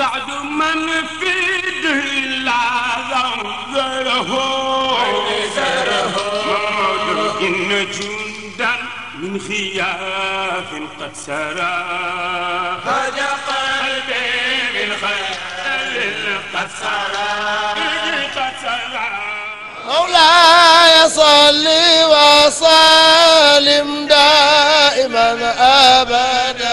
سعد من في دلا زره إن جندا من خياف قد سرى هد قلبي من خيال قد سرى قد سرى مولاي صلي وسلم دائما أبدا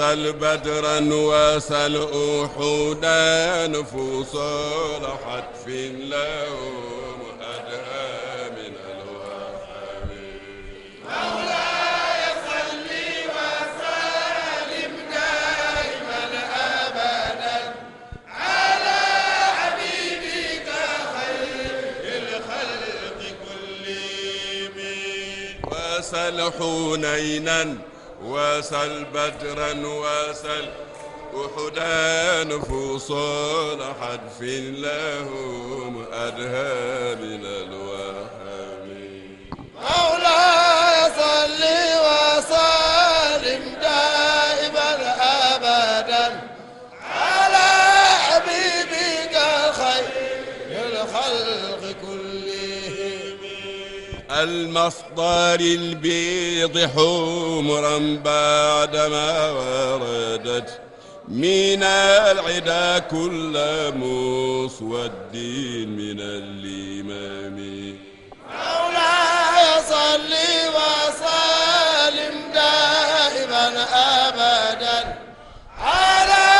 وسل بدرا وسل أحدا نفوس لحتف لهم أدهى من الوهاب مولاي صل وسلم دائما أبدا على حبيبك خير الخلق كلهم وسل حنينا وسل بدرا وسل أحدا نفوس حد في لهم أدهى من الوهم مولاي صل وسلم كالمصدر البيض حمرا بعدما وردت من العدا كل مسود من الإمام مولاي صل وسلم دائما أبدا على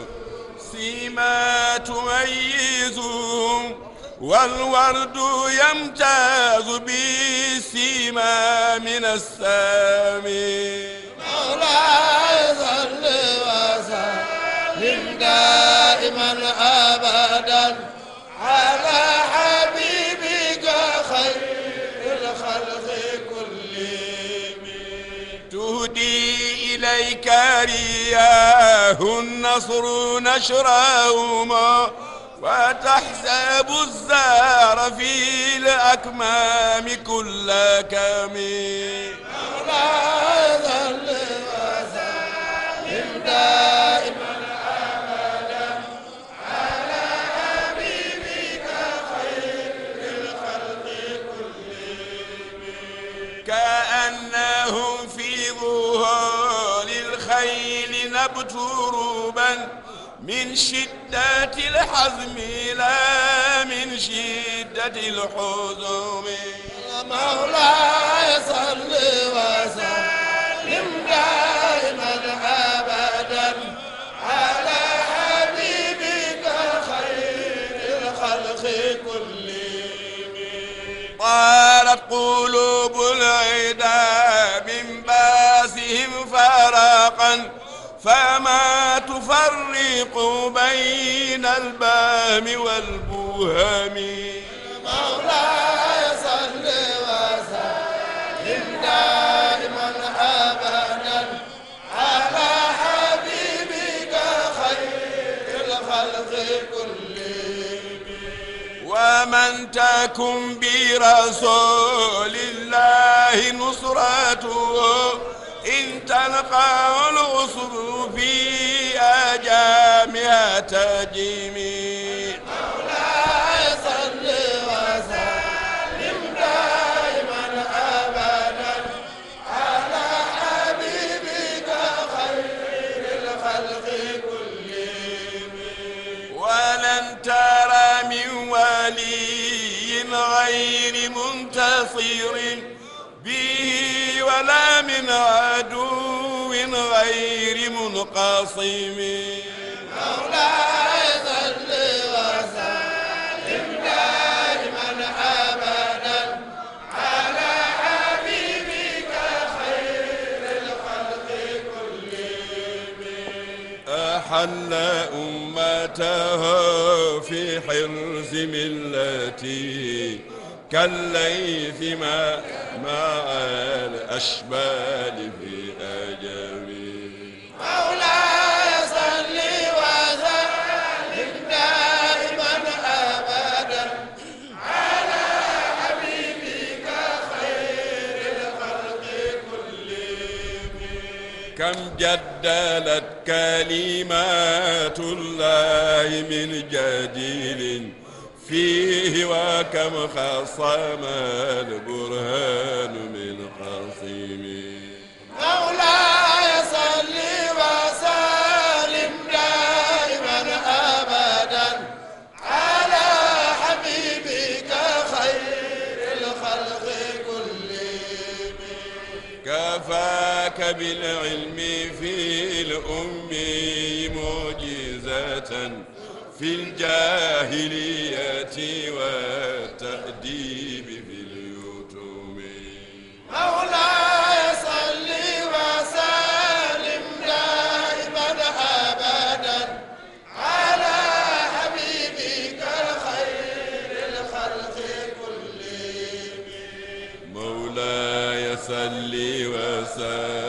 ما تميزهم والورد يمتاز بسيما من السامي مولاي صل وسلم دائما ابدا على حبيبك إليك رياه النصر نشراهما وتحسب الزار في الأكمام كل كم دائما أبدا على حبيبك خير الخلق كلهم كأنهم في ظهور أذهب تروبا من شدة الحزم لا من شدة الحزن يا مولاي صل وسلم دائما أبدا على حبيبك خير الخلق كلهم طارت قلوب العدا من باسهم فراقا فما تفرق بين البام والبوهم مولاي صل وسلم دائما ابدا على حبيبك خير الخلق كلهم ومن تكن برسول الله نصرته تلقى العصر في آجامها تجيمي مولاي صل وسلم دائما أبدا على حبيبك خير الخلق كلهم ولن ترى من ولي غير منتصر به ولا من عدو غير منقسم مولاي صل وسلم دائما ابدا على حبيبك خير الخلق كلهم احل امته في حرز ملتي كالليث ما مع الأشبال في أجمي مولاي صل وسلم دائما أبدا على حبيبك خير الخلق كلهم كم جدلت كلمات الله من جديد فيه وكم خصم البرهان من خصيم مولاي صل وسلم دائما ابدا على حبيبك خير الخلق كلهم كفاك بالعلم في الام معجزه في الجاهلية والتأديب في اليتوم مولاي صل وسلم دائما أبدا على حبيبك الخير الخلق كلهم مولاي صل وسلم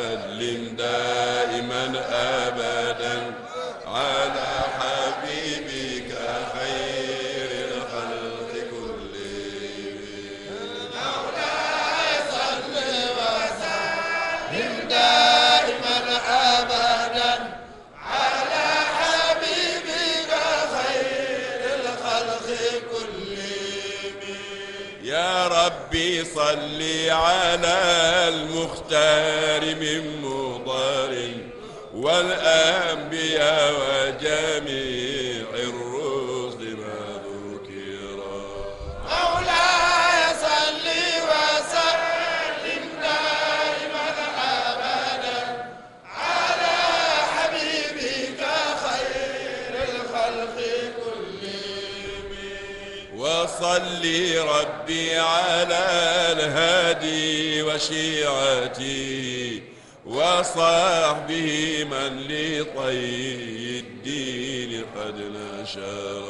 ربي صل على المختار من مضار والأنبياء وجميع صلي ربي على الهادي وشيعتي وصحبه من لطي الدين قد نشر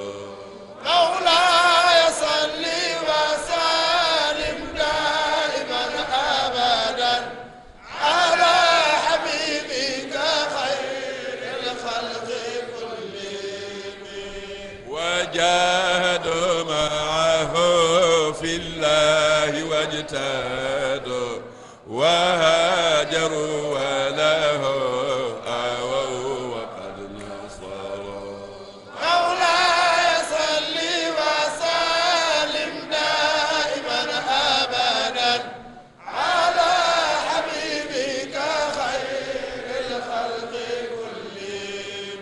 مولاي صل وسلم دائما ابدا على حبيبك خير الخلق كلهم وجاء جاهدوا وهاجروا وله آووا وقد نصروا مولاي صل وسلم دائما أبدا على حبيبك خير الخلق كلهم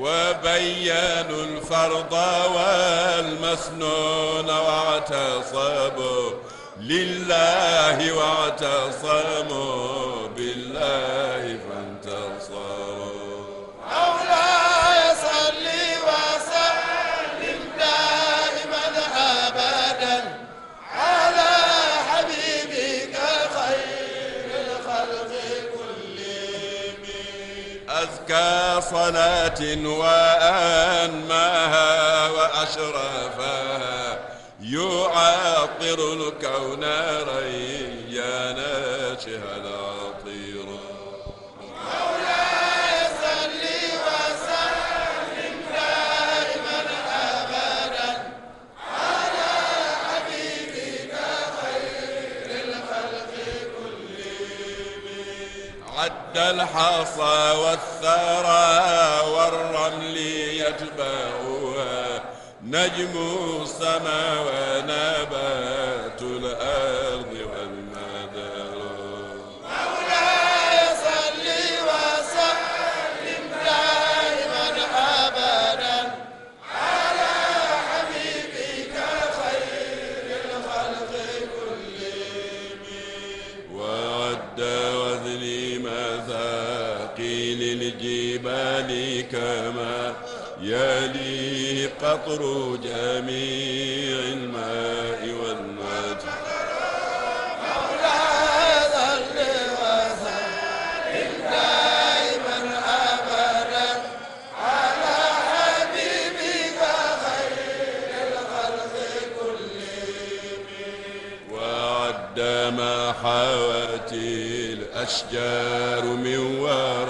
وبينوا الفرض والمسنون واعتصبوا lillahi wa'tasamu billahi fantasaru أزكى صلاة وأنماها وأشرف يعطر الكون ريانا شهد عطير مولاي صل وسلم دائما ابدا على حبيبك خير الخلق كلهم عد الحصى والثرى والرمل يتبعون نجم السماء ونبات الأرض والمدر مولاي صل وسلم دائما أبدا على حبيبك خير الخلق كلهم وعد وزني مثاقيل الجبال كما يلي قطر جميع الماء والمجد مولانا صل وسلم دائما ابدا على حبيبك خير الخلق كلهم وعد ما حوت الاشجار من وراء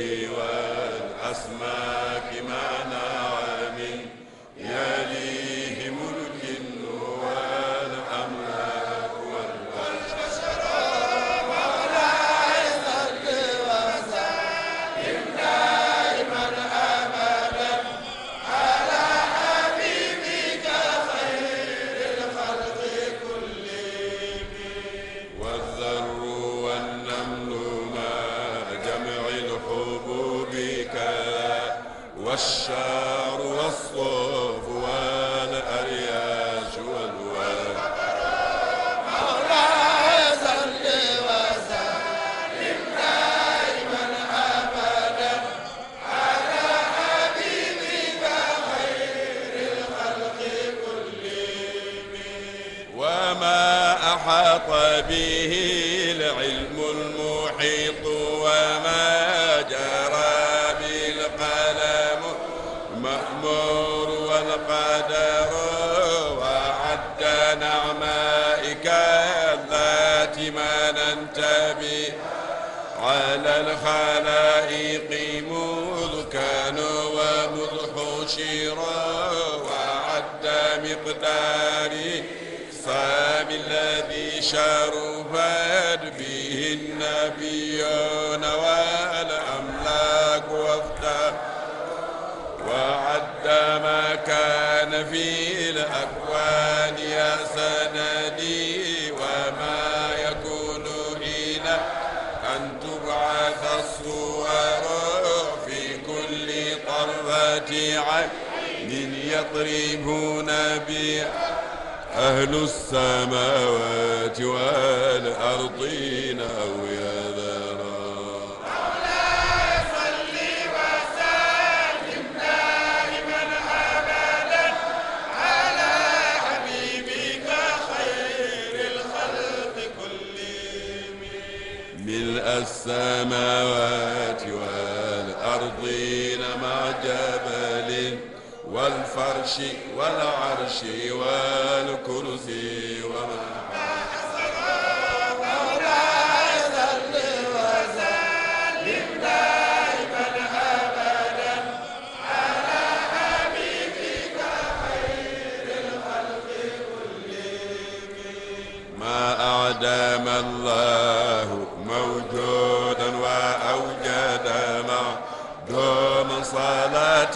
به العلم المحيط وما جرى بالقلم مأمور والقدر وعد نعمائك التي ما ننتبه على الخلائق ملكان ومذحشرا وعد مقداري فمن الذي شاء فاد به النبيون والأملاك وفدا وعد ما كان في الأكوان يا سندي وما يكون حين أن تبعث الصور في كل طرفة عين يطربون بها أهل السماوات والأرضين أو يذرا مولاي صل وسلم دائما أبدا على حبيبك خير الخلق كلهم ملء السماوات والأرضين مع جبل والفرش والعرش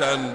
aataan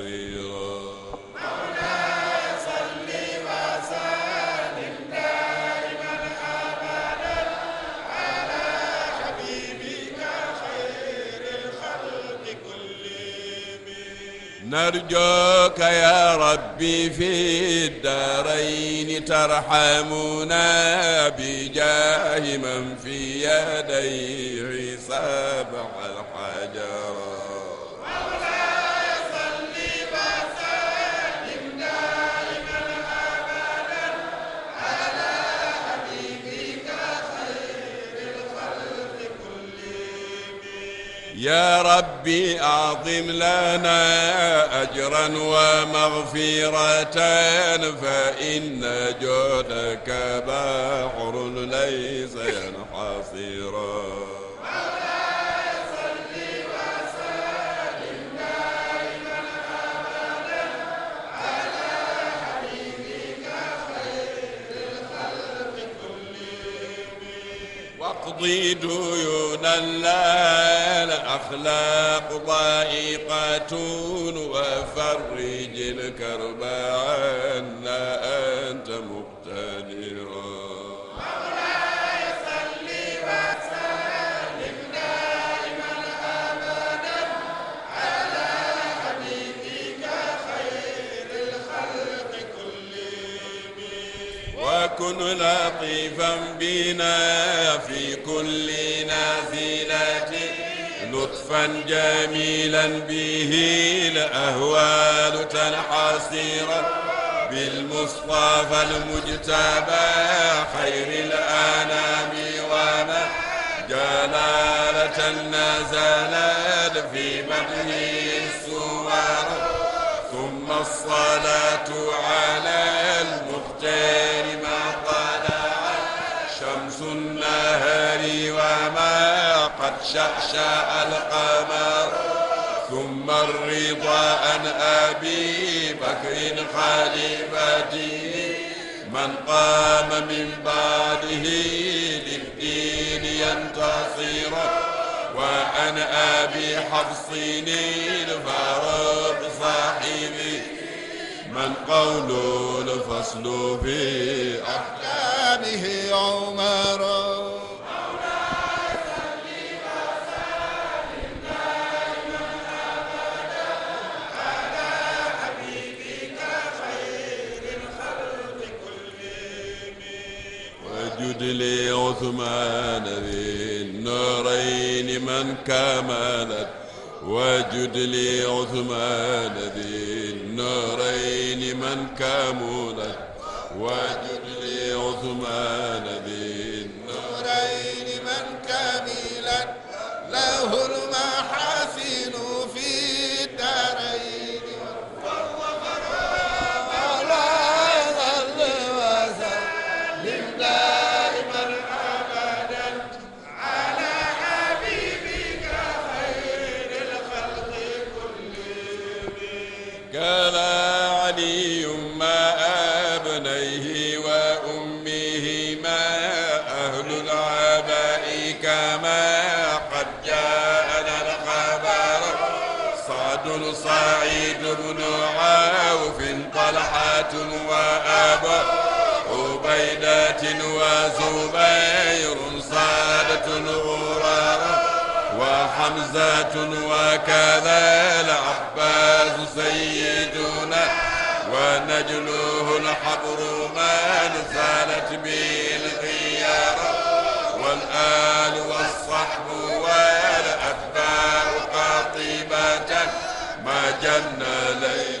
نرجوك يا ربي في الدارين ترحمنا بجاه من في يديه صبحا يا ربي أعظم لنا أجرا ومغفرة فإن جودك بحر ليس ينحصرا تقضي ديونا لا الأخلاق ضائقة وفرج الكرب عنا أنت مقتدر وكن لطيفا بنا في كل نافلة لطفا جميلا به الأهوال تنحسر بالمصطفى المجتبى خير الأنام وما جلالة نزلت في مدنه السوار ثم الصلاة على شعشع القمر ثم الرضا عن أبي بكر خليفتي من قام من بعده للدين ينتصر وأن أبي حفص الفاروق صاحبي من قول الفصل في أحكامه عمر فضل عثمان ذي النورين من كملت وجد لي عثمان ذي النورين من كملت وجد لي عثمان ذي النورين من كملت له المحال شباب عبيدة وزبير صادة غرارا وحمزة وكذا العباس سيدنا ونجله الحبر من زالت به الخيار والآل والصحب والأتباع قاطبة ما جن ليل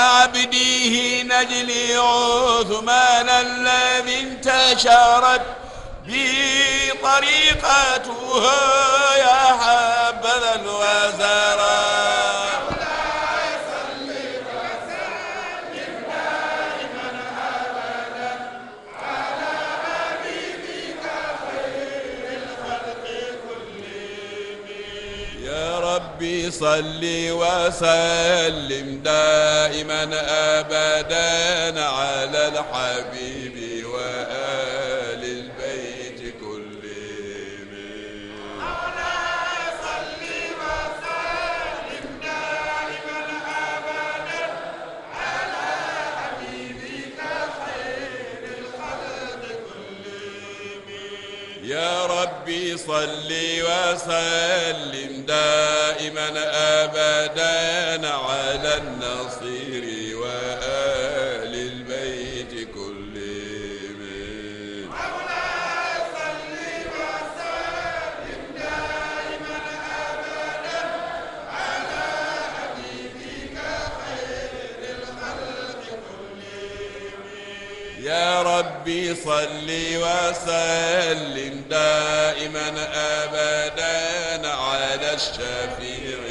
عبديه نجلي عثمان الذي انتشرت به طريقته يا حبذا الوزارة صل وسلم دائما أبدا على الحبيب وسلم دائما أبدا على النصير ربي صل وسلم دائما أبدا على الشفيع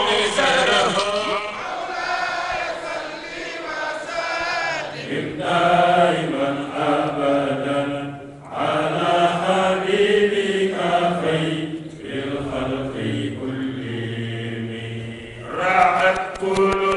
يقول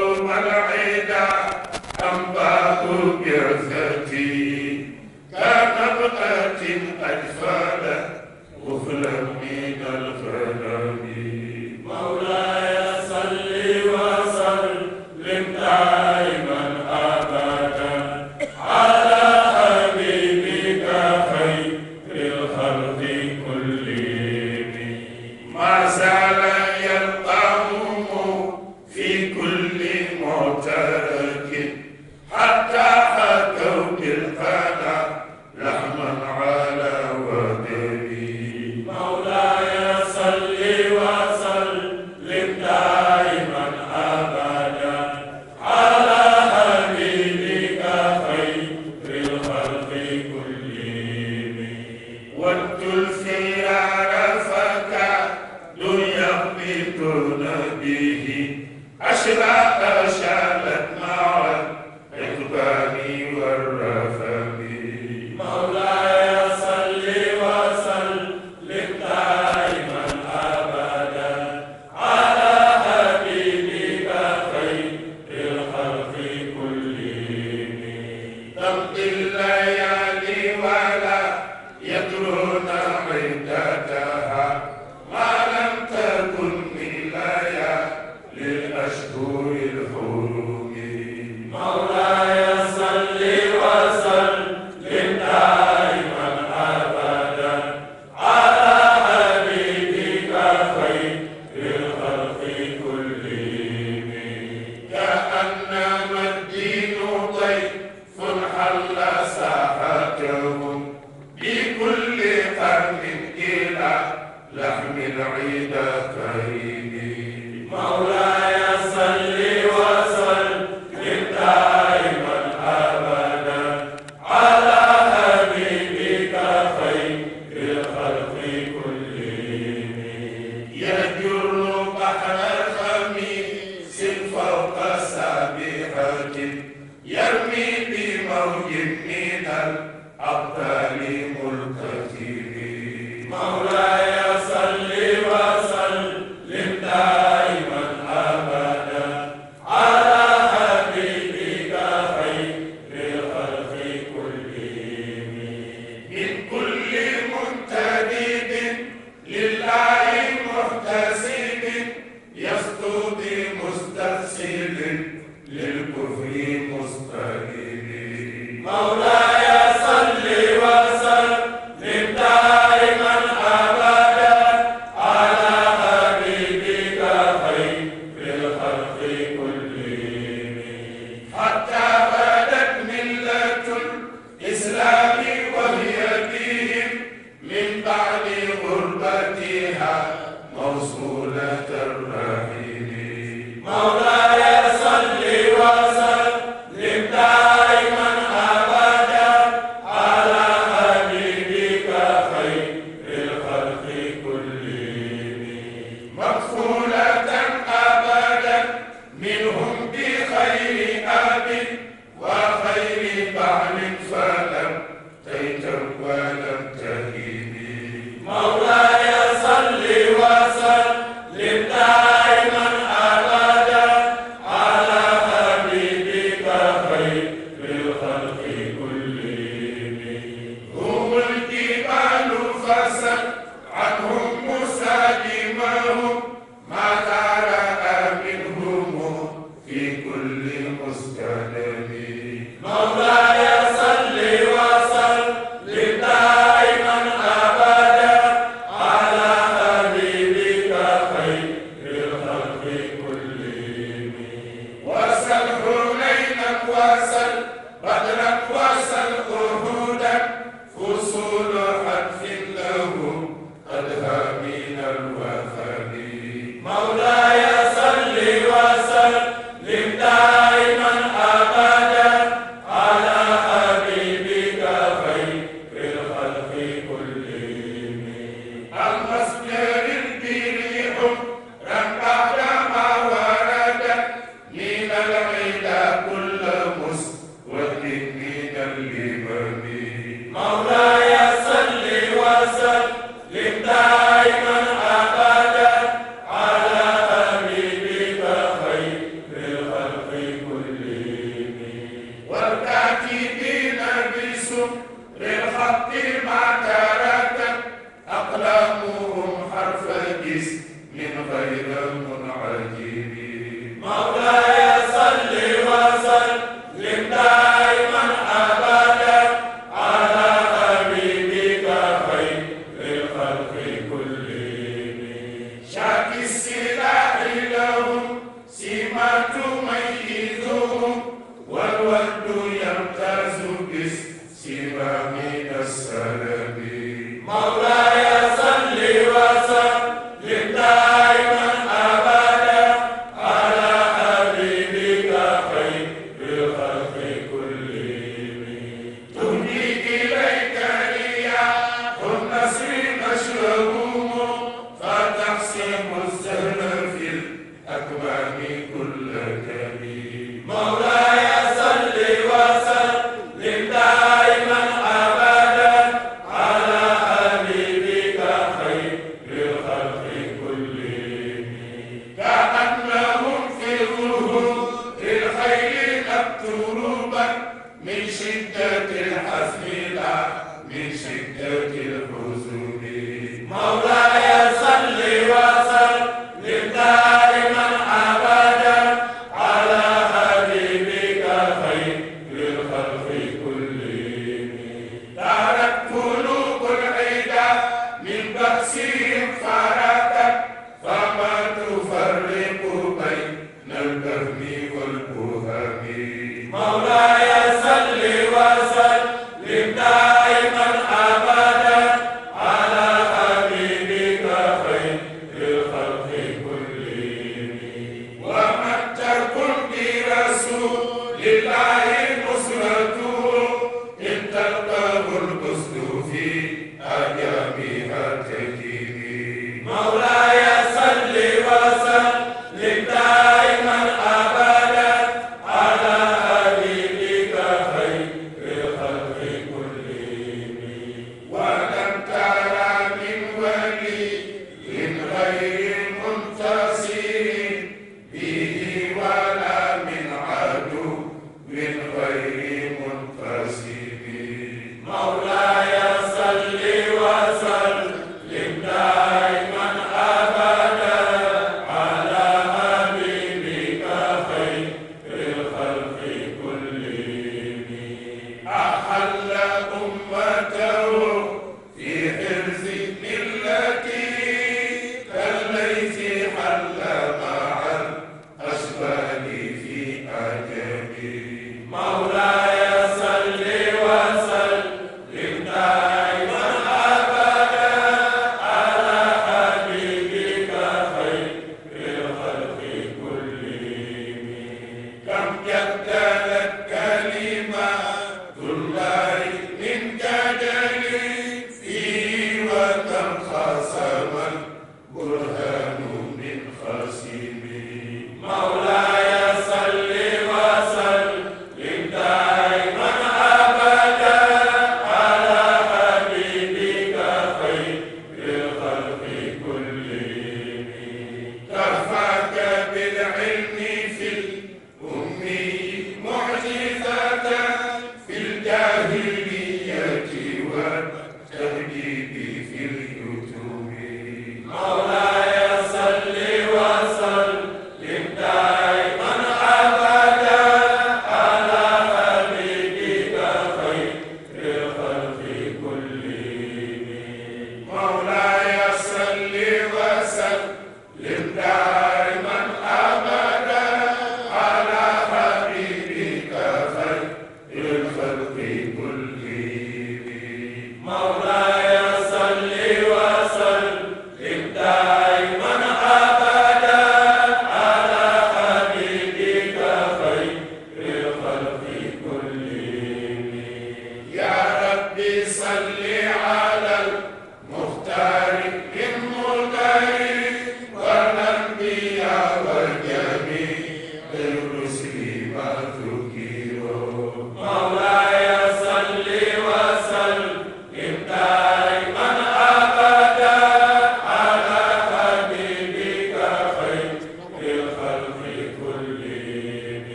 الوسيم السر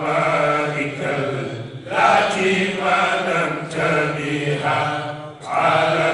أسمائك التي ما نمت بها على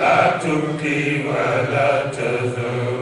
لا تبكي ولا تذر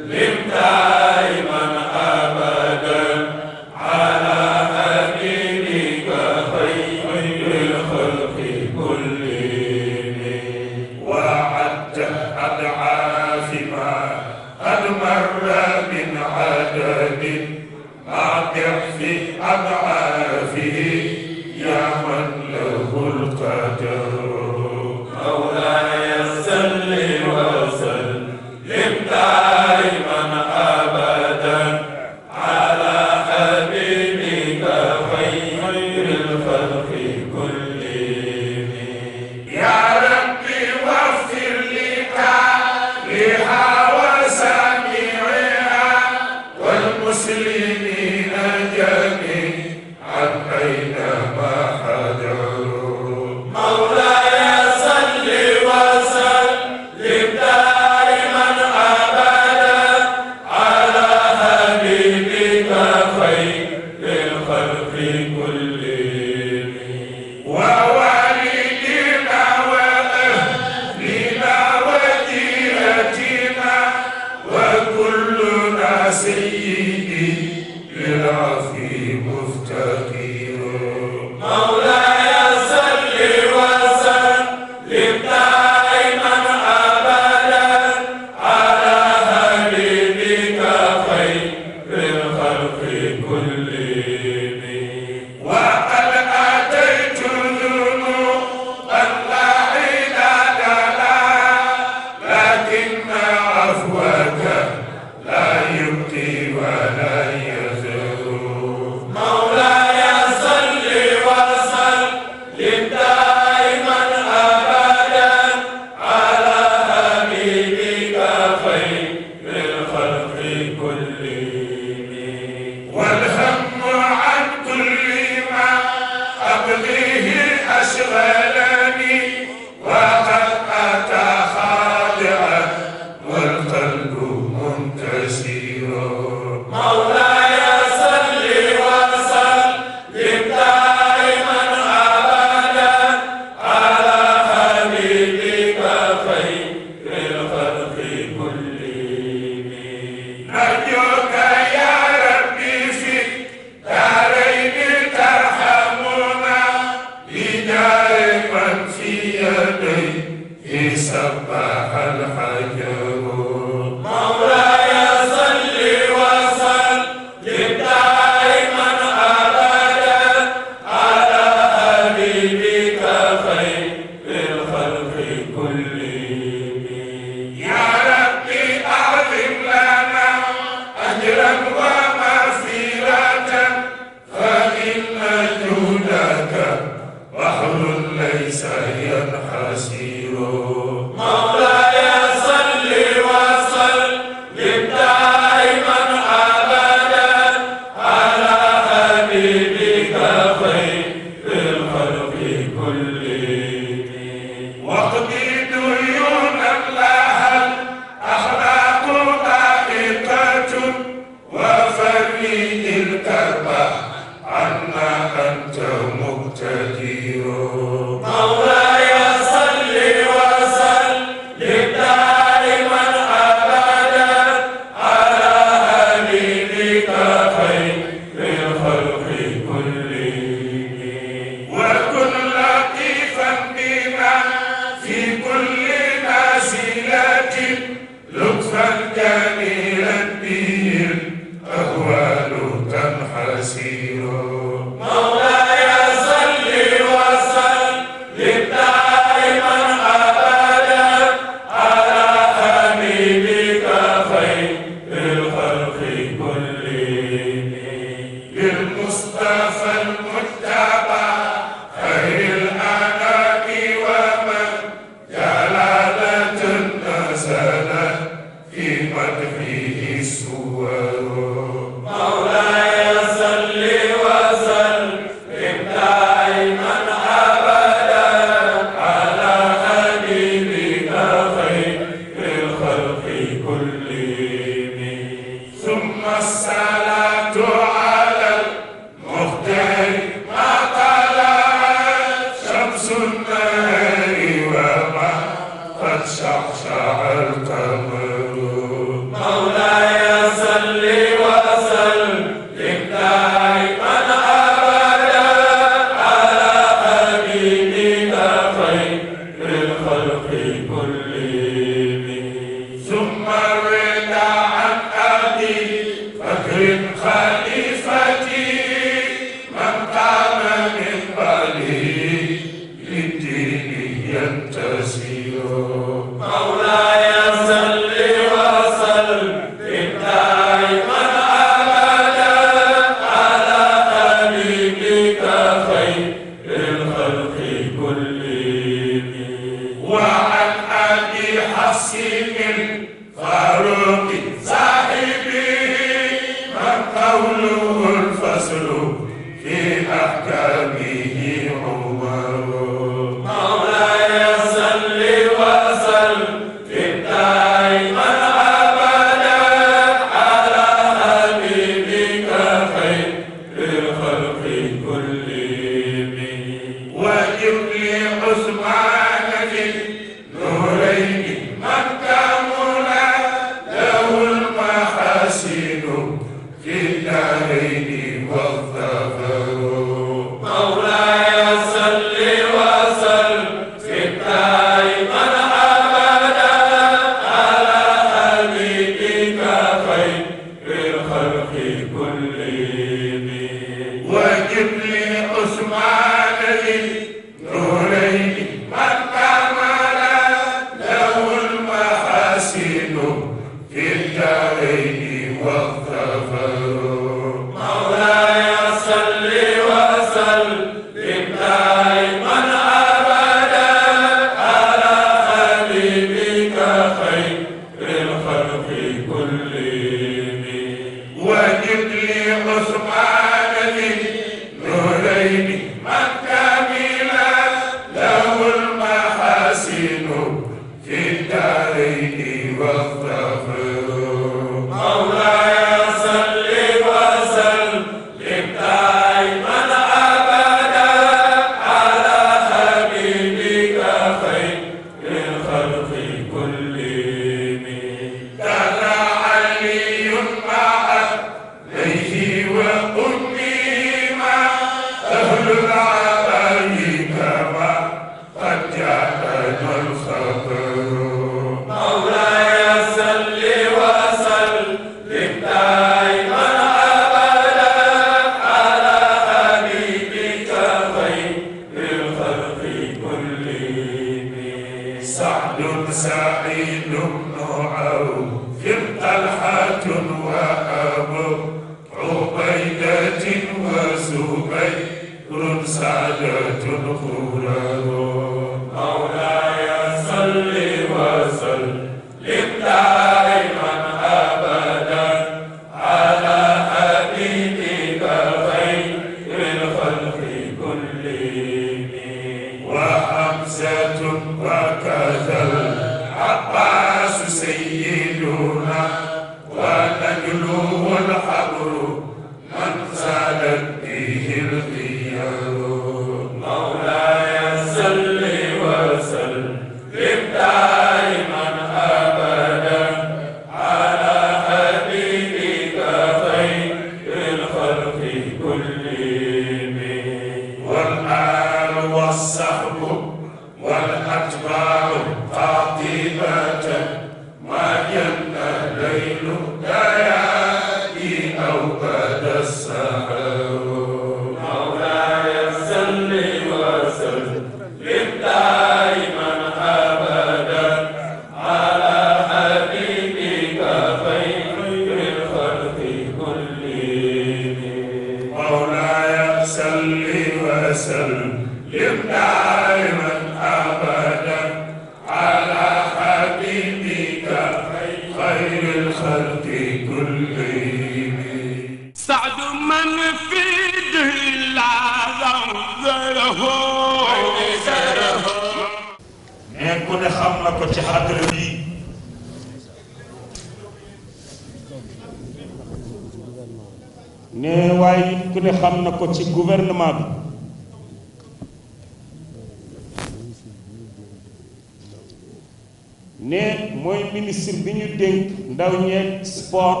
ndaw ñeeg sport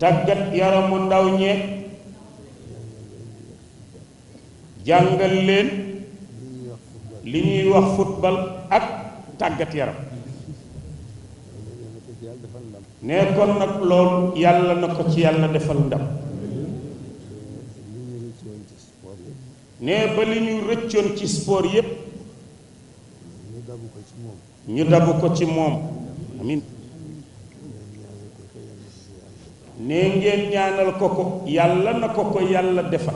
tàggat yaramu ndaw ñeeg jàngal leen li ñuy wax football ak tàggat yaram nee kon nag loolu yàlla na ko ci yàlla defal ndam nee ba li ñu rëccoon ci sport yépp ñu dabu ko ci moom amin ne ngeen ñaanal ko ko yàlla na ko ko yàlla defal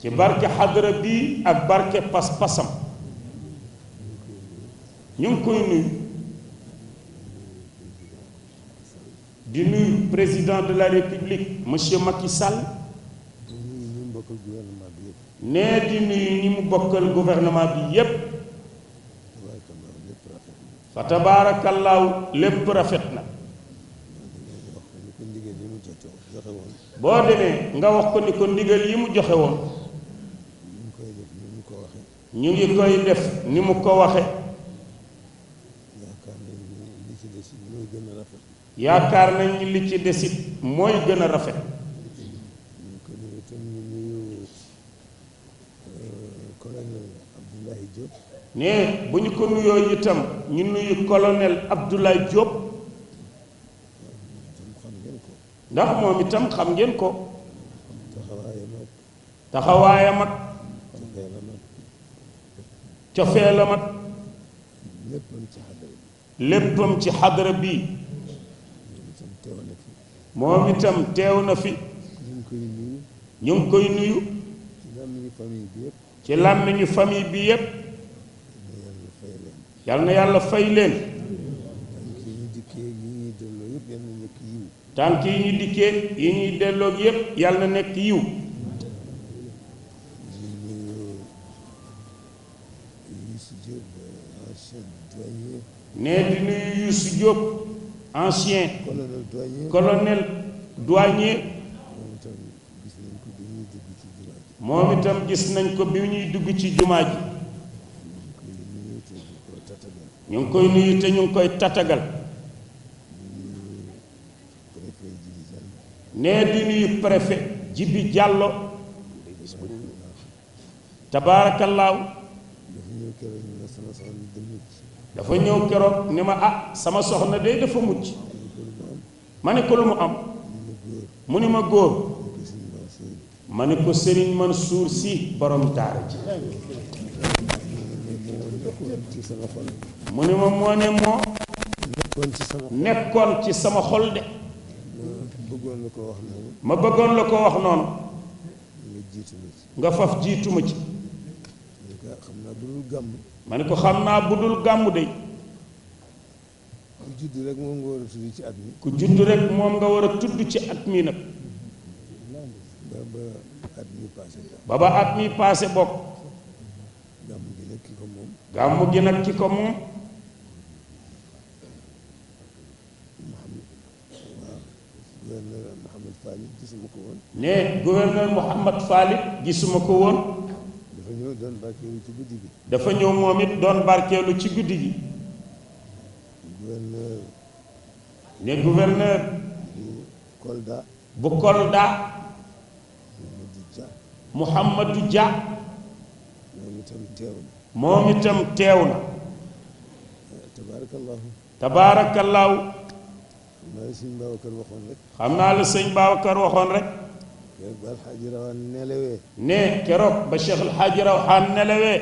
ci barke xadara bi ak barke pas-pasam ñu ngi koy nuyu di nuyu président de la république monsieur Macky Sall ne di nuyu ñi mu bokkal gouvernement bi yépp fa tabaarakallaahu lépp rafet na boo demee nga wax ko ni ko ndigal yi mu joxe woon ñu ngi koy def ni mu ko waxe yaakaar nañu li ci desit mooy gën a rafet ne bu ñu ko nuyoo itam ñu nuyu colonel Abdoulaye Diop ndax moom itam xam ngeen ko taxawaayam ak cofeelam ak léppam ci xadara bi moom itam teew na fi ñu ngi koy nuyu ci làmmiñu famille bi yépp yàlla na yàlla fay leen tànk yi ñu dikkee yi ñuy delloog yépp yàlla na nekk yiw nee di nuyu Youssou Diop ancien colonel douanier moom itam gis nañ ko bi ñuy dugg ci jumaa ji ñu ngi koy nuyu te ñu ngi koy tatagal nee di nuyu préfet Jibi Jàllo tabaarakallaahu dafa ñëw keroog ne ma ah sama soxna de dafa mucc ma ne ko lu mu am mu ne ma góor ma ne ko man Mansour si borom daara ji mu ne ma moo ne moo nekkoon ci sama nekkoon ci sama xol de ma bëggoon la ko wax noonu nga faf jiituma ci ma ne ko xam naa bu dul gàmm de ku judd rek moom nga war a tudd ci at mi ku judd rek moom nga war a tudd ci at mi nag ba ba at mi paase bokk gàmm gi nag ki ko moom gisuma ko woon. ne gouverneur Mouhamad Fali gisuma ko woon. dafa ñëw doon barkeelu ci guddi gi. dafa ñëw moom it doon barkeelu ci guddi gi. gouverneur. ne gouverneur. bu Kolda. bu Kolda. Mouhamadou Dia. moom itam teew na. moom itam teew na. tabaarakallahu. tabaarakallahu. la sëñ Babacar waxoon rek. xam naa la sëñ Babacar waxoon rek. keroog ba Alxaaji Rawaan nelawee. ne keroog ba Cheikh Alxaaji Rawaan nelawee.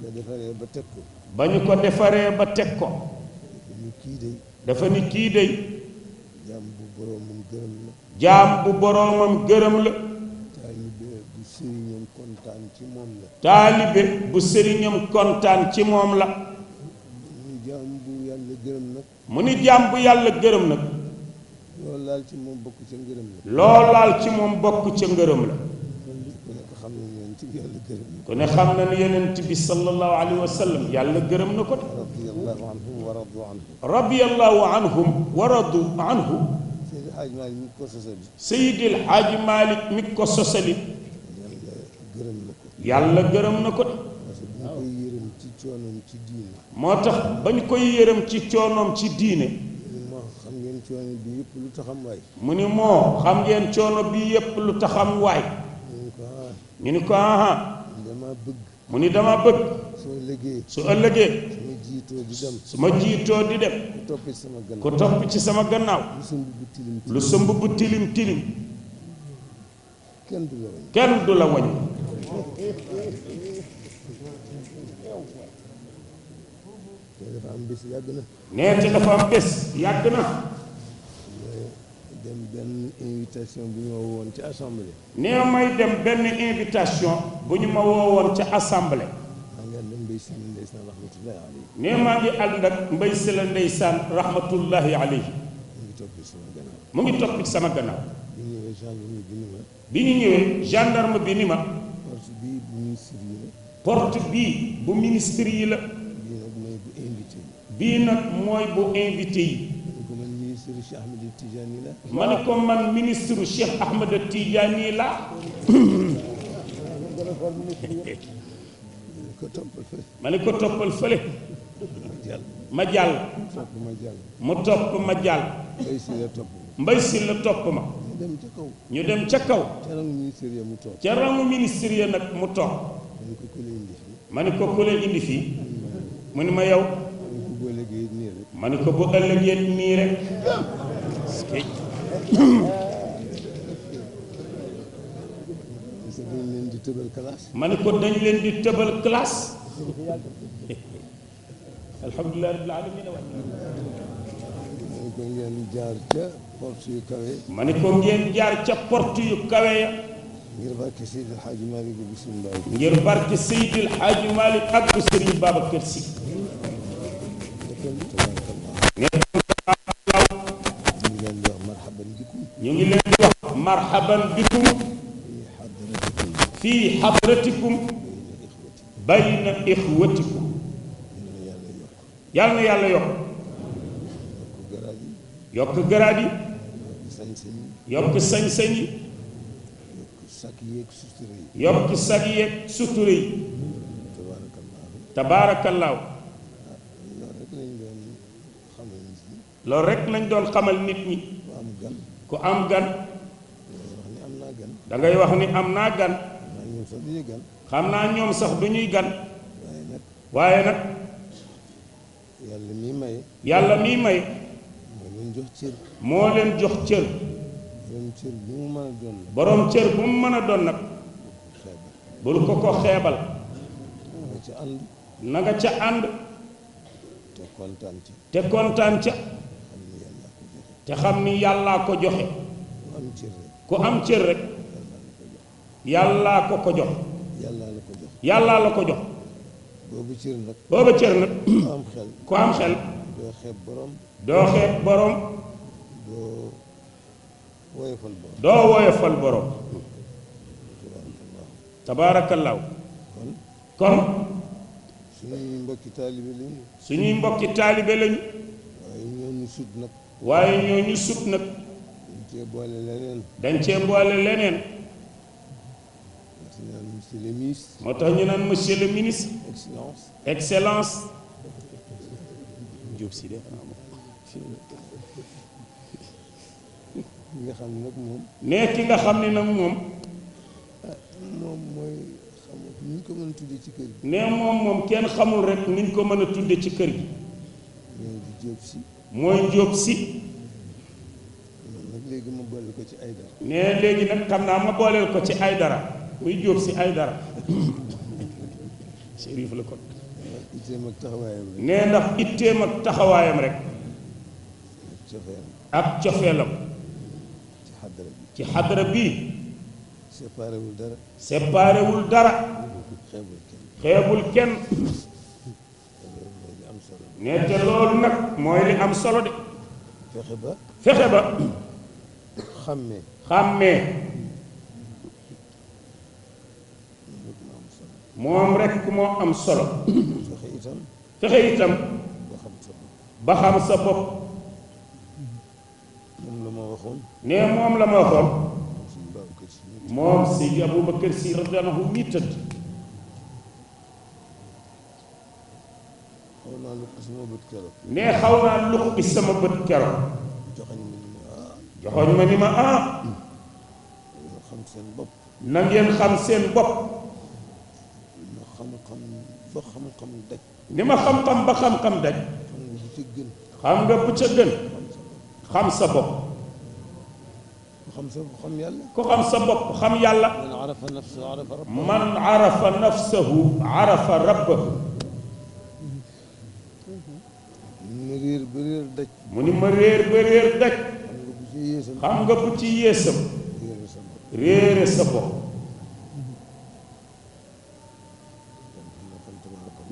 ko defaree ba teg ko. ba ñu ko defaree ba teg ko. dafa ni kii day jaam bu boroomam gërëm la. jaam bu boroomam gërëm la. taalibe bu sëriñam kontaan ci moom la. taalibe bu sëriñam kontaan ci moom la. mu ni jaam bu yàlla gërëm nag. loolu laal ci moom bokk ca ngërëm la. loolu laal ci moom bokk ca ngërëm la. ku ne xam na ne yonent bi sallallahu alayhi wa yàlla gërëm na ko de. radiyallahu anhum wa radu anhu. Seydil Xaaji Malik mi ko sosalit. yàlla gërëm na ko de. coonoom ci diine. moo tax bañ koy yërëm ci coonoom ci diine. moo xam ngeen coono bi yëpp lu taxam waay. mu ni moo xam ngeen coono bi yëpp lu taxam waay. ñu ni ko ah. dama bëgg. mu ni dama bëgg. su ëllëgee. su ëllëgee. su ma jiitoo di dem. ku topp ci sama gannaaw ku topp ci sama gannaaw. lu sëmb bu tilim tilim. la kenn du la wañ. nee dafa am bés yàgg na. nee te dafa am bés yàgg na. dem benn invitation bu ñu ma woowoon ca assemblée. nee may dem benn invitation bu ñu ma woowoon ca assemblée. nee maa ngi ànd mbay si la ndeysaan rahmatullahi alayhi. mu ngi topp ci sama gannaaw. bi ñu ñëwee gendarme bi ni ma. porte bii bu ministre yi bii bu ministre yi la. bii nag mooy bu invité yi. ministre Cheikh Ahmed Tidiane la. ma ne ko man ministre Cheikh Ahmed Tidiane la. ma ne ko toppal fële. ma jàll. ko topp ma jàll. mbay si la topp ma. ñu dem ca kaw. ca rangu ministre ya nag mu toog. ma ne ko ku leen indi fii. mu ne ma yow. ma ne ko bu ëllëgee nii rek ma ne ko alamin wa ma ne ko ngir barke Seydil Hadji Malick bu Serigne Babacar ngir barke Seydil Hadji Malick bu Serigne Babacar Sy marhaban bikum fii xadratikum bayna ixwatikum yàlla na yàlla yokk yokk garaat yi yokk sañ-sañ yi yokk sag yeeg sutura yi tabaarakallaahu loolu lañ doon xamal nit ñi ku am gan dangay wax ni am naa gan. xam naa ñoom sax du ñuy gan. waaye nag. yàlla miy may. yàlla miy may. moo leen jox cër. moo leen jox cër. cër bu mu mën a doon nag. bu mu ko ko xeebal. na nga ca ànd. na ca ànd. te kontaan ca. te xam ni yàllaa ko joxe. ku am ku am cër rek. yàllaa ko ko jox. yàllaa la ko jox. yàllaa la ko jox. boobu cër nag. boobu cër nag. ku am xel. ku am xel. doo xeeb borom. doo xeeb borom. doo woyofal borom. doo woyofal borom. tabaarakallaahu. kon. suñuy mbokki taalibe lañu. suñuy mbokki taalibe lañu. waaye ñoo ñu sut nag. waaye ñoo ñu sut nag. dañ cee boole leneen. dañ cee boole leneen. monsieur le ministre. moo tax ñu naan monsieur le ministre. excellence. excellence. Diop si de nga xam ne moom. nee ki nga xam ne nag moom. Ah, moom mooy xamul ni ñu ko mën a tuddee ci kër gi. nee moom moom kenn xamul rek ni ñu ko mën a tuddee ci kër gi. mooy Diop si. mooy Diop si. léegi ma boole ko ci ay dara. nee léegi nag xam naa ma booleel ko ci ay dara. muy jóob si ay dara Chérif la kon nee ndax itteem ak taxawaayam rek ak cofeelam ci xadara bi séparéwul dara séparéwul dara xeebul kenn nee te loolu nag mooy li am solo de fexe ba fexe ba xàmmee xàmmee moom rekk moo am solo fexe itam ba xam sa bopp moom la ma waxoon ne moom la ma waxoon moom si Abubakar Si radiyallaahu anhu mi tëdd ne xaw naa luq bi sama bët keroog joxoñ ma ni ma ah, ah. na ngeen xam seen bopp ba xam-xam daj. ni ma xam-xam ba xam-xam daj. xam nga bu ca gën. xam sa bopp. ku xam yàlla. ku xam sa xam yàlla. man ma réer ba réer daj. mu ni ma réer ba réer daj. xam nga bu ci yéesam. réere sa bopp.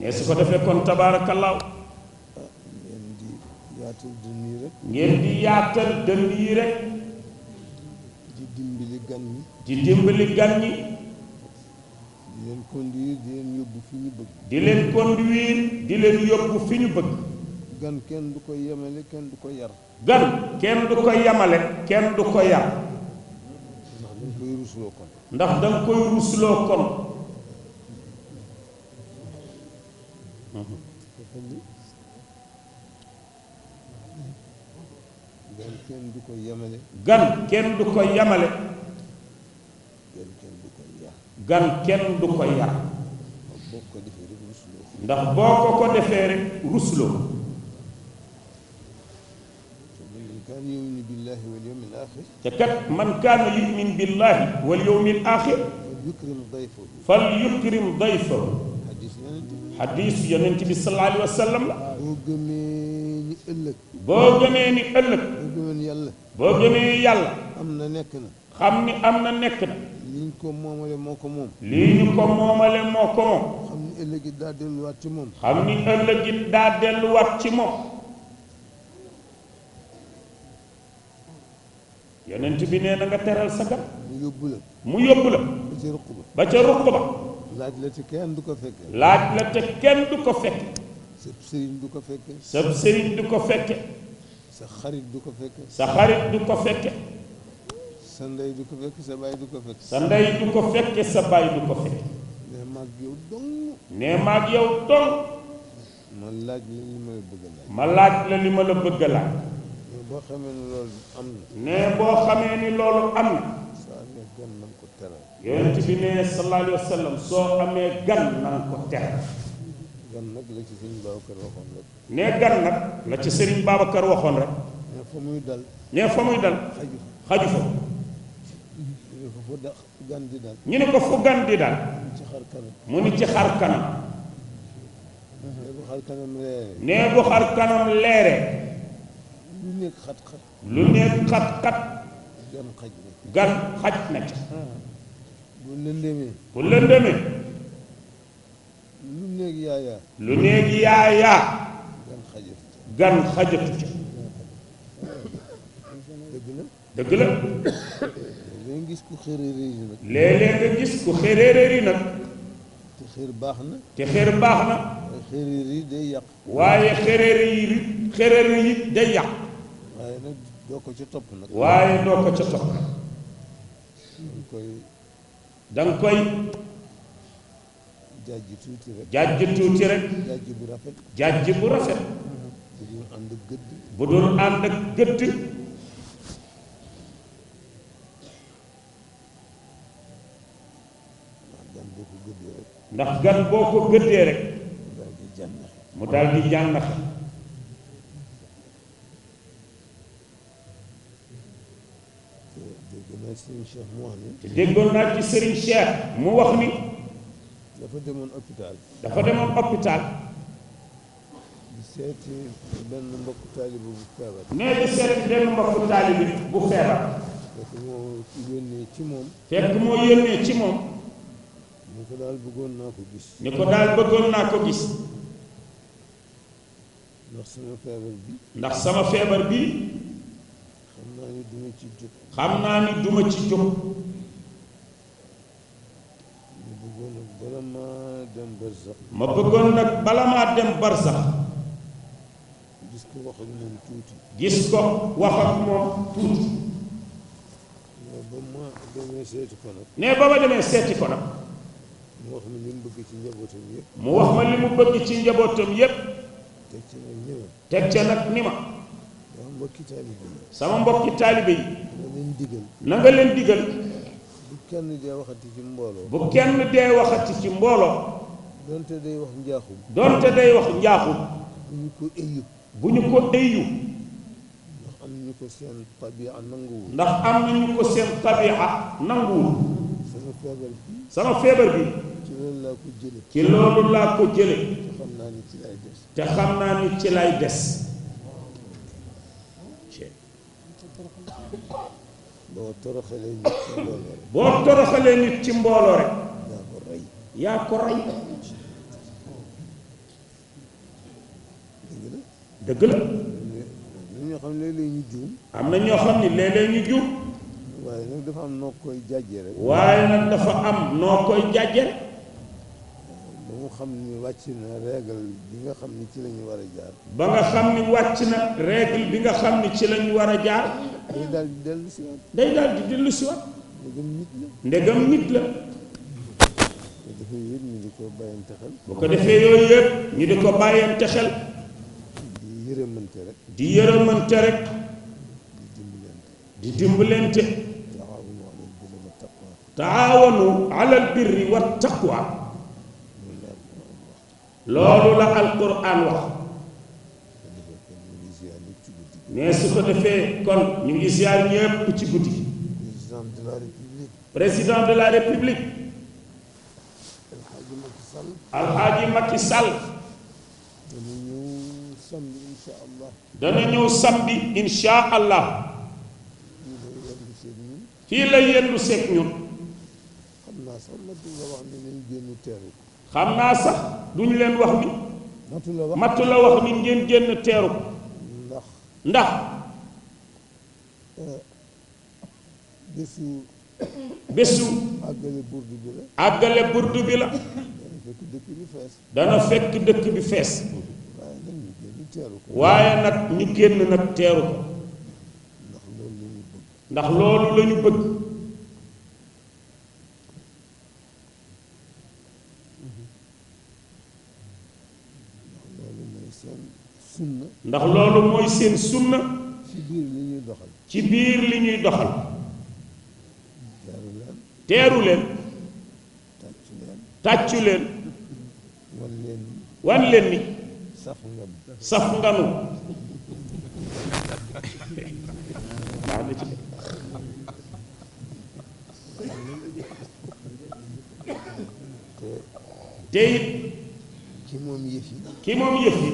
mais su ko defee kon tabaarakallaaw ngeen di yaatal dënn yi rek ngeen di yaatal dënn yi rek di dimbali gan ñi di dimbali gan ñi di leen conduire di leen yóbbu fi ñu bëgg di leen conduire di leen yóbbu fi ñu bëgg gan kenn du ko yemale kenn du ko yar gan kenn du ko yemale kenn du ko yar ndax dañ koy rusloo kon gan kenn du ko yemale. gan kenn du ko yemale. gan kenn du ko yar. gan kenn du ko yar. ndax boo ko ko defee rek rusloo. te kat man kaana yumin billahi wal yawmil axir. fal yukrim dayfahu. xadiis yonent bi sallallahu alayhi wa sallam la. boo gëmee ni ëllëg. boo gëmee ni ëllëg. boo gëmee ni yàlla. boo gëmee yàlla. am na nekk na. xam ni am na nekk na. lii ñu ko moomale moo ko moom. lii ñu ko moomale moo ko moom. xam ni ëllëg it daa delluwaat ci moom. xam ni ëllëg it daa delluwaat ci moom. yonent bi nee nga teral sa gan. mu yóbbu la. mu yóbbu la. ba ca ruq ba. ba ca ruq ba. laaj la te kenn du ko fekke laaj la te kenn du ko fekke sëb sëriñ du ko fekke sëb sëriñ du ko fekke sa xarit du ko fekke sa xarit du ko fekke sa ndey du ko fekke sa baay du ko fekke sa ndey du ko fekke sa baay du ko fekke nee maag yow dong nee maag yow dong ma laaj la li ma la bëgg a ma laaj la li ma la bëgg a laaj boo xamee ni loolu am na nee boo xamee ni loolu am na yonent bi ne sallallahu wa sallam soo amee gan na ko teral gan la ci sëriñ Babacar waxoon rek ne gan nag la ci sëriñ Babacar waxoon rek ne fa muy dal ne fa muy dal xaju fa ñu ne ko fu gan di daal mu ni ci xar kanam nee bu xar kanam leere lu nekk xat-xat lu nekk xat-xat gan xaj na ci bu lëndëmee. bu lëndëmee. lu néeg yaaya. lu néeg yaaya. gan xajatu ca. gan xajatu ca. dëgg la. dëgg la. gis ku xéeréer yi nag. léeg-léeg gis ku xéeréer yi nag. te xéer baax na. te xéer baax na. waaye xéeréer yi day yàq. waaye xéeréer yi xéeréer yi day yàq. waaye nag doo ko ca topp nag. waaye doo ca topp. da nga koy jàjj tuuti rek jàjj bu rafet jàjj bu rafet bu dul ànd ak gëdd bu dul ànd ak gëdd ndax gan boo ko gëddee rek mu daal di jànnax mu daal di jànnax naa Serigne Cheikh mu mu wax ni. hôpital. dafa demoon hôpital. di seeti benn mbokku taalibe bu feebar. fekk moo yónnee ci moom. fekk moo yónnee ci moom. ni ko daal bëggoon naa ko gis. ni ko daal bëggoon naa ko gis. ndax sama feebar bi. ndax sama feebar bi. naa ni duma ci jóg xam naa ni duma ci jóg ma bëggoon nag bala maa dem barsax gis ko wax ak moom tuuti gis ko wax ak moom tuuti ma demee seeti ko nag ne ba ma demee seeti ko nag mu wax ma li mu bëgg ci njabootam yépp mu wax ma li mu bëgg ci njabootam yépp teg ca nag ni ma mbokki taalibe yi sama mbokki taalibe yi na leen digal na nga leen digal bu kenn dee waxati ci mbooloo bu kenn dee waxati ci mbooloo doonte day wax njaaxum doonte day wax njaaxum bu ñu ko ëyyu bu ñu ko ëyyu ndax am na ñu ko seen tabia nanguwul ndax am na ñu ko seen tabia nanguwul sama feebar bi sama feebar bi ci loolu laa ko jële ci loolu laa ko jële te xam naa ni ci lay des te xam naa ni ci lay des boo toroxalee nit ci mbooloo rek. boo toroxalee nit ci mbooloo rek. yaa ko rey. yaa ko rey. dëgg la. am na ñoo xam ne léeg-léeg ñu juum. am na ñoo xam ne léeg-léeg ñu juum. waaye nag dafa am noo koy jàjjee rek. waaye nag dafa am noo koy jàjjee rek. mu xam ni wàcc na règle bi nga xam ni ci la war a jaar. ba nga xam ni wàcc na règle bi nga xam ni ci la war a jaar. day daal di dellu si waat. day daal di dellu si waat. ndegam nit la. ndegam nit la. bu ko defee yëpp ñu di ko bàyyante xel. di yërëmante rek. di yërëmante rek. di dimbalante. di dimbalante. taawanu alal birri wa taqwa. loolu la alquran wax mais su ko defee kon ñu ngi ziar ñëpp ci guddi gi président de la république alxaaji Macky Sall dana ñëw samedi insha allah fii la yendu seeg ñun xam naa sax duñu leen wax ni mattu la wax ni ngeen génn teeru ko ndax eh, bésu bésu àggale burdu bi la dana fekk dëkk bi fees waaye nag ñu génn nag teeru ko ndax loolu la bëgg sunna ndax loolu mooy seen sunna ci biir li ñuy doxal ci biir li ñuy doxal teeru leen tàccu leen wan leen ni saf nganu te it ki moom yëf yi ki moom yëf yi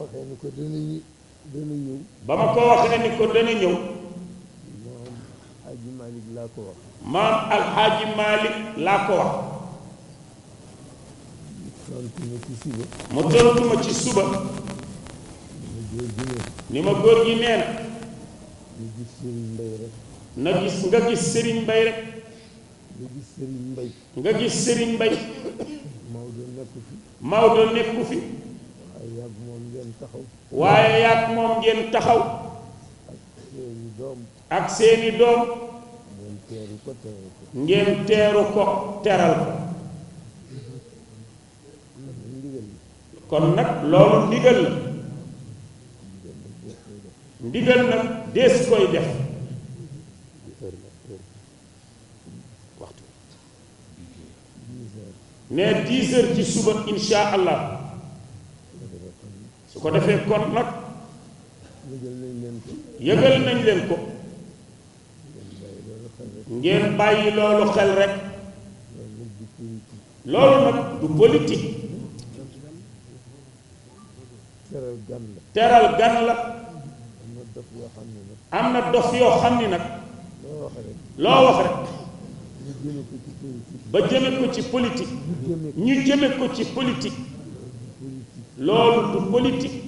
waxee ni ko dana ñëw ba ma ko waxee ni ko dana ñëw maam alxaaji Malick laa ko wax maam alxaaji Malick laa ko wax tontuma ci suba mu tontuma ci suba ni ma góor gi nee na na gis nga gis rek nga gis Serigne Mbaye nga gis Serigne Mbaye Maodo nekku fi Maodo nekku fi waaye yaag moom ngeen taxaw ak seeni doom ngeen teeru ko teral ko kon nag loolu ndigal la ndigal nag dees koy def ne 10 heures ci suba insha allah ko defee kon nag yëgal nañ leen ko yëgal nañ leen ko ngeen bàyyi loolu xel rek loolu nag du politique teral gan la teral gan am na dof yoo xam ni nag loo wax rek ba jëme ko ci politique ñu jëme ko ci politique loolu du politique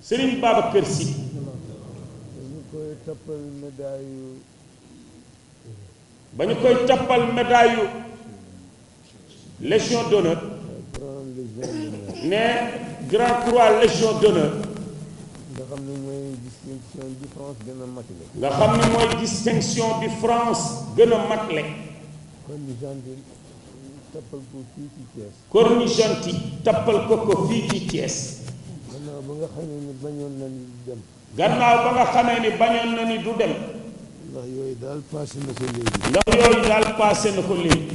Serigne Babacar Sy dañu koy tappal médaille yu ba ñu koy tappal médaille légion d'honneur mais grand croix légion d'honneur nga xam ne mooy distinction bi France gën a matale nga xam ne mooy distinction bi France gën a matale kon tappal ko fii ci Thiès. cornichon ti tappal ko ko fii ci Thiès. gannaaw ba nga xamee ni bañoon na ni du dem. gannaaw ba nga xamee ni bañoon na ni du dem. ndax yooyu daal passé na ko léegi. ndax yooyu daal passé na ko léegi.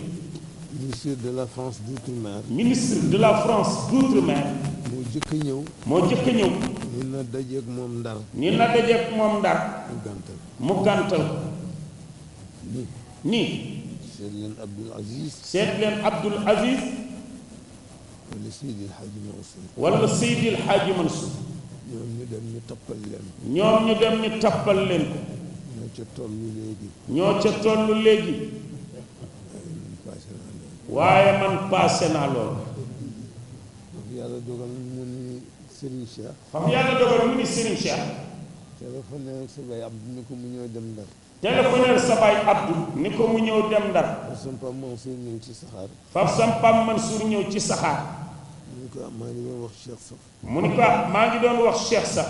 ministre de la France d'outre-mer. ministre de la France d'outre-mer. moo jëkk a ñëw. moo jëkk ñëw. ni na dajeeg moom ndar. ni na dajeeg moom ndar. mu gàntal mu gàntal. nii. seet leen Abdul Aziz. seet leen Abdul Aziz. wala Seydil Hadji Mansour. wala Seydil Hadji Mansour. ñoom ñu dem ñu tappal leen. ñoom ñu dem ñu tappal leen ko. ñoo ca tollu léegi. ñoo ca tollu léegi. waaye man paase naa lool. yàlla dogal mu ni Serigne Cheikh. xam yàlla dogal mu ni Serigne Cheikh. téléphone ak sa bay Abdou ni ko mu ñëw dem Ndar. téléphoneel sa baay Abdou ni ko mu ñëw dem ndar. Fab Sampam Mansour ñëw ci saxaar. Fab Sampam Mansour ñëw ci saxaar. mu ni ko ah maa ngi doon wax Cheikh sax.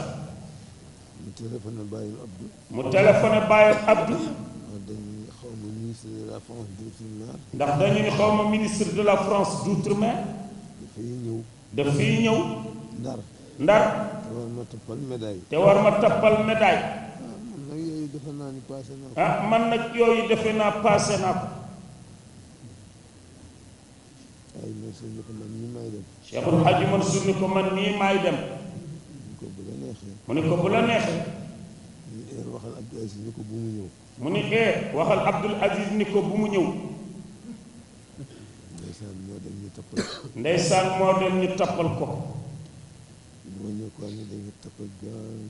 mu ni ko ah maa ngi doon wax Cheikh sax. mu téléphoné bàyyam Abdou. mu téléphoné bàyyam Abdou. Ah, ma la France doutre dañu ni xaw ma ministre de la France d'outre-mer. dafay ñëw. dafay ñëw. ndar. ndar. te war ma tappal médaille. te war ma tappal médaille. naa ni passé naa ah, man nag yooyu defe naa passé naa ko. ay Mansour ni ko man nii maay dem. Cheikhul Hadji Mansour ni ko man nii maay dem. mu ne ko bu la neexee. mu ne ko bu la neexee. mu ne eh waxal Abdoul Aziz ni ko bu mu ñëw. mu ne eh waxal Abdoul Aziz ni ko bu mu ñëw. ndeysaan moo dem ñu tappal ko. ndeysaan moo dem ñu tappal ko. moo ñëw ko ñu dañu tappal gaañ.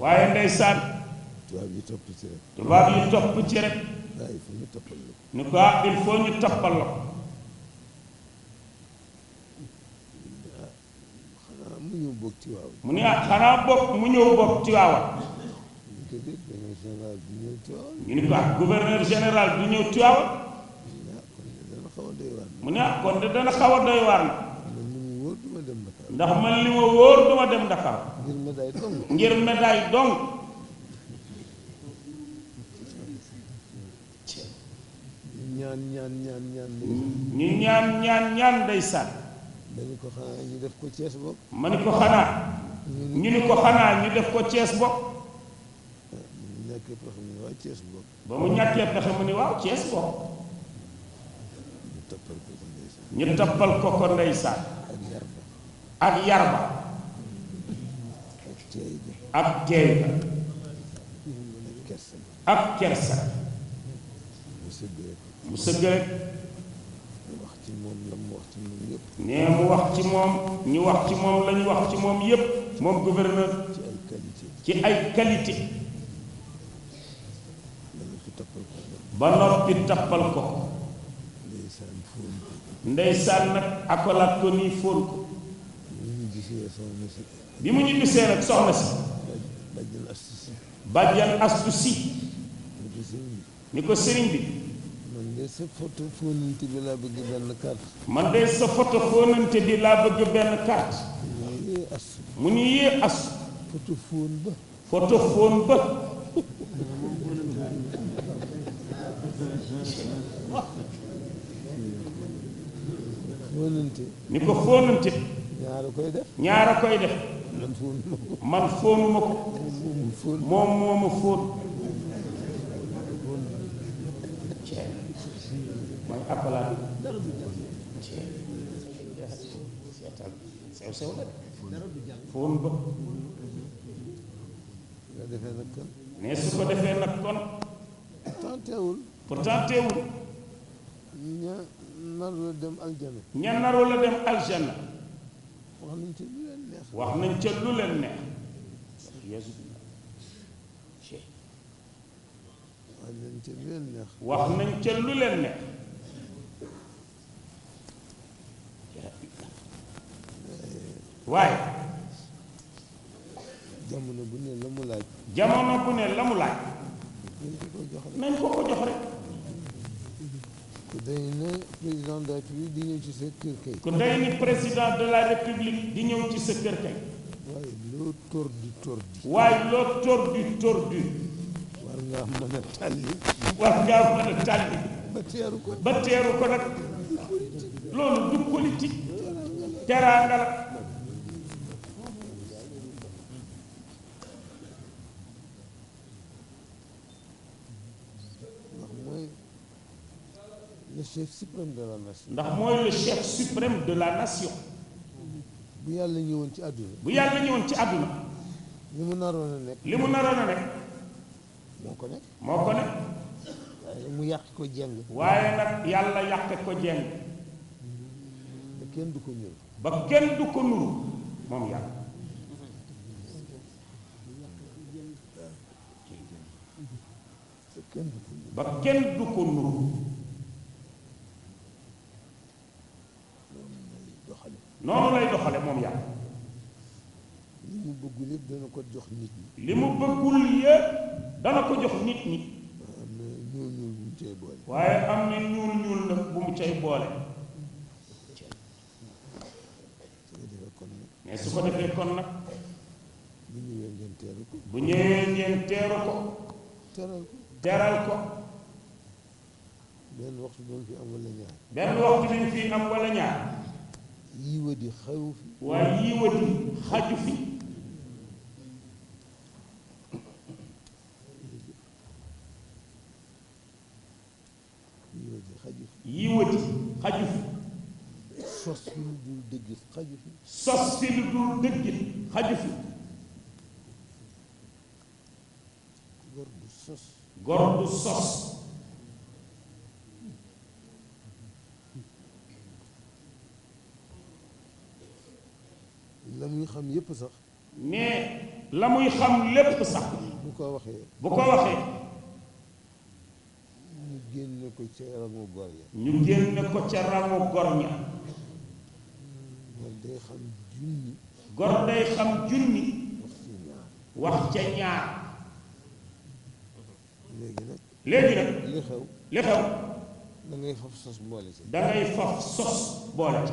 waaye ndeysaan tubaab yi topp ci rek tubaab yi topp ci rek ni ko ah, il faut ñu toppal la ko mu ñëw bokk ci waaw mu ne ah xanaa bokk mu ñëw bokk ci waaw ñu ni ko ah gouverneur général du ñëw Tiwaawan mu ne ah kon de dana xaw a doy waar ah, na ndax man li ma wóor duma dem Dakar ngir médaille dong ngir médaille dong ñaan ñaan ñaan ñaan ñaan ñaan ñaan ko xanaa ñu def ko cees bopp ma ni ko xanaa ñu ni ko xanaa ñu def ko cees bopp mu ñàkkee pexe mu ni waaw cees bopp ñu tappal ko ko ndeysaan ak ak yarba ak teey ba ak kersa mu sëgg rek nee mu wax ci moom ñu wax ci moom lañu wax ci moom yépp moom gouverneur ci ay qualité ba noppi tappal ko ndeysaan nag akolaat ko nii fóon ko bi mu ñibbisee nag soxna si bàjjan astu si ni ko sëriñ bi man de sa photo fóonante bi laa bëgg benn carte man de sa photo fóonante bi laa bëgg benn carte mu ñu yee as photo fóon ni ko fóonante ñaara koy def ñaara koy def man fóonuma ko moom moo ma fóon mooy appalaat sew sew la fóon ba ne su ko defee nag kon pourtant teewul pourtant teewul ña naru la dem aljanna ña naru la dem aljanna wax nañ ci wax nañ ca lu leen neex wax nañ ca lu leen neex waaye jamono bu ne la mu laaj jamono bu ne la mu laaj nañ ko ko jox rek ku day ne président de la république di ñëw ci sa kër kay. ku day ni président de la république di ñëw ci sa kër kay. waaye loo tordu tordu. waaye loo tordu tordu. war ngaa mën a tàlli. loolu du politique. teraanga chef suprême de la nation. ndax mooy le chef suprême de la nation. bu yàlla ñëwoon ci àdduna. bu yàlla ñëwoon ci àdduna. li mu naroon a nekk. li mu naroon a nekk. moo ko nekk. moo ko nekk. waaye mu yàq ko jeng. waaye nag yàlla yàq ko jeng. du ko nuru. ba kenn du ko nuru moom yàlla. ba kenn du ko nuru. noonu lay doxale moom yàlla li mu bëggul yëpp dana ko jox nit ñi li mu bëggul yëpp dana ko jox nit ñi waaye am na ñuul ñuul nag bu mu cay boole mais su ko defee kon nag bu ñëwee ngeen teeru ko bu ñëwee ngeen teeru ko teral ko teral ko benn waxtu dinañ fi am wala ñaar benn waxtu dinañ fi am wala ñaar yiiwadi xaw fi xaju fi sos fi lu dul dëgg xaju fi xaju fi gor sos gor sos la muy xam yépp sax mais la muy xam lépp sax bu ko waxee bu ko waxee ñu génne ko ca rangu gor ña ñu ko ca rangu gor ña gor day xam junni gor day xam junni wax ca ñaar léegi nag léegi nag li xew li xew da faf sos mboole si da faf sos boole ci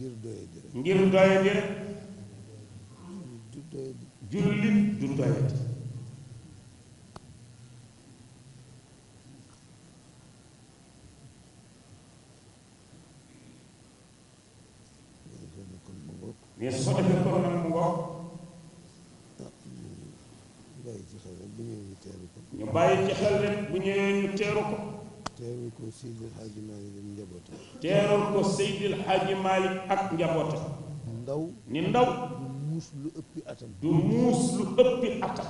ngir doye di rek ngir doye di rek du doye di jullit du doye di mais su ko defee kon nag mu ngoog. Ah, ñu bàyyi ci xel rek bu ñëwee ñu teeru ko. ñu bàyyi ci xel rek bu ñëwee ñu teeru ko. teerul ko Seydil Hadji Malick ak njabootam. ndaw ni ndaw. du muus lu ëppi atam. du muus lu ëppi atam.